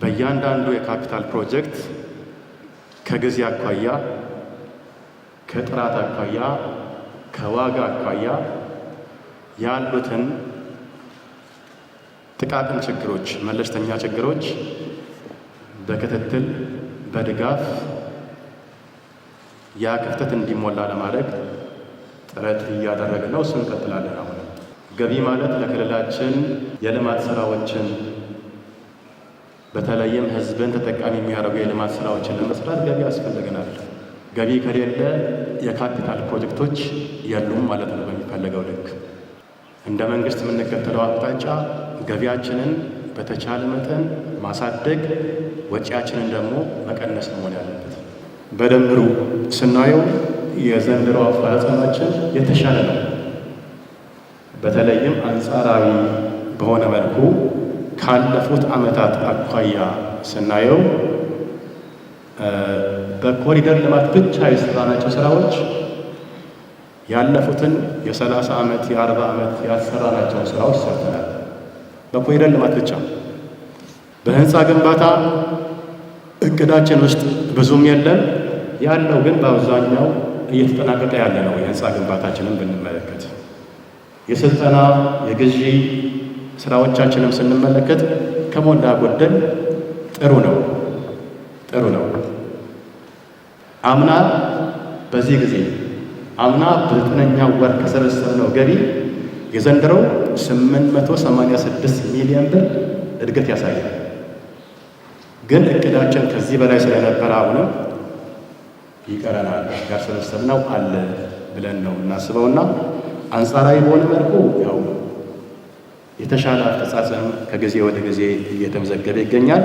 በእያንዳንዱ የካፒታል ፕሮጀክት ከጊዜ አኳያ፣ ከጥራት አኳያ፣ ከዋጋ አኳያ ያሉትን ጥቃቅን ችግሮች፣ መለስተኛ ችግሮች በክትትል በድጋፍ ያ ክፍተት እንዲሞላ ለማድረግ ጥረት እያደረግን ነው። እንቀጥላለን። አሁንም ገቢ ማለት ለክልላችን የልማት ስራዎችን በተለይም ህዝብን ተጠቃሚ የሚያደርጉ የልማት ስራዎችን ለመስራት ገቢ ያስፈልገናል። ገቢ ከሌለ የካፒታል ፕሮጀክቶች የሉም ማለት ነው። በሚፈለገው ልክ እንደ መንግስት የምንከተለው አቅጣጫ ገቢያችንን በተቻለ መጠን ማሳደግ፣ ወጪያችንን ደግሞ መቀነስ መሆን ያለበት። በድምሩ ስናየው የዘንድሮ አፈጻጸማችን የተሻለ ነው። በተለይም አንጻራዊ በሆነ መልኩ ካለፉት ዓመታት አኳያ ስናየው በኮሪደር ልማት ብቻ የሰራናቸው ስራዎች ያለፉትን የሰላሳ ዓመት አመት ዓመት ያሰራናቸውን ስራዎች ሰርተናል። በኮሪደር ልማት ብቻ በህንፃ ግንባታ እቅዳችን ውስጥ ብዙም የለም ያለው ግን በአብዛኛው እየተጠናቀቀ ያለ ነው። የህንፃ ግንባታችንን ብንመለከት የስልጠና የግዢ ስራዎቻችንም ስንመለከት ከሞላ ጎደል ጥሩ ነው ጥሩ ነው። አምና በዚህ ጊዜ አምና በዘጠነኛው ወር ከሰበሰብነው ገቢ የዘንድሮው 886 ሚሊዮን ብር እድገት ያሳያል። ግን እቅዳችን ከዚህ በላይ ስለነበረ አሁንም ይቀረናል ያልሰበሰብነው አለ ብለን ነው እናስበውና አንጻራዊ በሆነ መልኩ ያው የተሻለ አፈጻጸም ከጊዜ ወደ ጊዜ እየተመዘገበ ይገኛል።